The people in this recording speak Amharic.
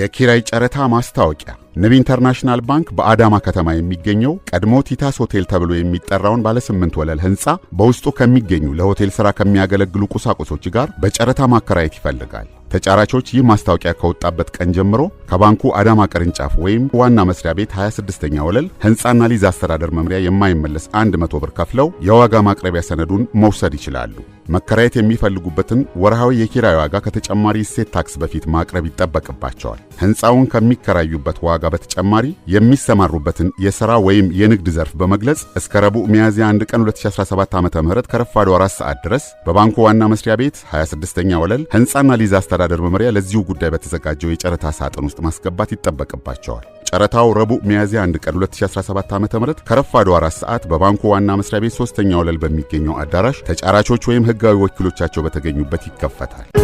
የኪራይ ጨረታ ማስታወቂያ ንብ ኢንተርናሽናል ባንክ በአዳማ ከተማ የሚገኘው ቀድሞ ቲታስ ሆቴል ተብሎ የሚጠራውን ባለ ስምንት ወለል ህንፃ በውስጡ ከሚገኙ ለሆቴል ሥራ ከሚያገለግሉ ቁሳቁሶች ጋር በጨረታ ማከራየት ይፈልጋል። ተጫራቾች ይህ ማስታወቂያ ከወጣበት ቀን ጀምሮ ከባንኩ አዳማ ቅርንጫፍ ወይም ዋና መስሪያ ቤት 26ኛ ወለል ሕንፃና ሊዝ አስተዳደር መምሪያ የማይመለስ 100 ብር ከፍለው የዋጋ ማቅረቢያ ሰነዱን መውሰድ ይችላሉ። መከራየት የሚፈልጉበትን ወርሃዊ የኪራይ ዋጋ ከተጨማሪ እሴት ታክስ በፊት ማቅረብ ይጠበቅባቸዋል። ሕንፃውን ከሚከራዩበት ዋጋ በተጨማሪ የሚሰማሩበትን የሥራ ወይም የንግድ ዘርፍ በመግለጽ እስከ ረቡዕ ሚያዝያ 1 ቀን 2017 ዓ ም ከረፋዱ 4 ሰዓት ድረስ በባንኩ ዋና መስሪያ ቤት 26ኛ ወለል ሕንፃና ሊዝ አስተዳደር መምሪያ ለዚሁ ጉዳይ በተዘጋጀው የጨረታ ሳጥን ውስጥ ውስጥ ማስገባት ይጠበቅባቸዋል። ጨረታው ረቡዕ ሚያዝያ 1 ቀን 2017 ም ከረፋዶ 4 ሰዓት በባንኩ ዋና መስሪያ ቤት ሶስተኛ ወለል በሚገኘው አዳራሽ ተጫራቾች ወይም ሕጋዊ ወኪሎቻቸው በተገኙበት ይከፈታል።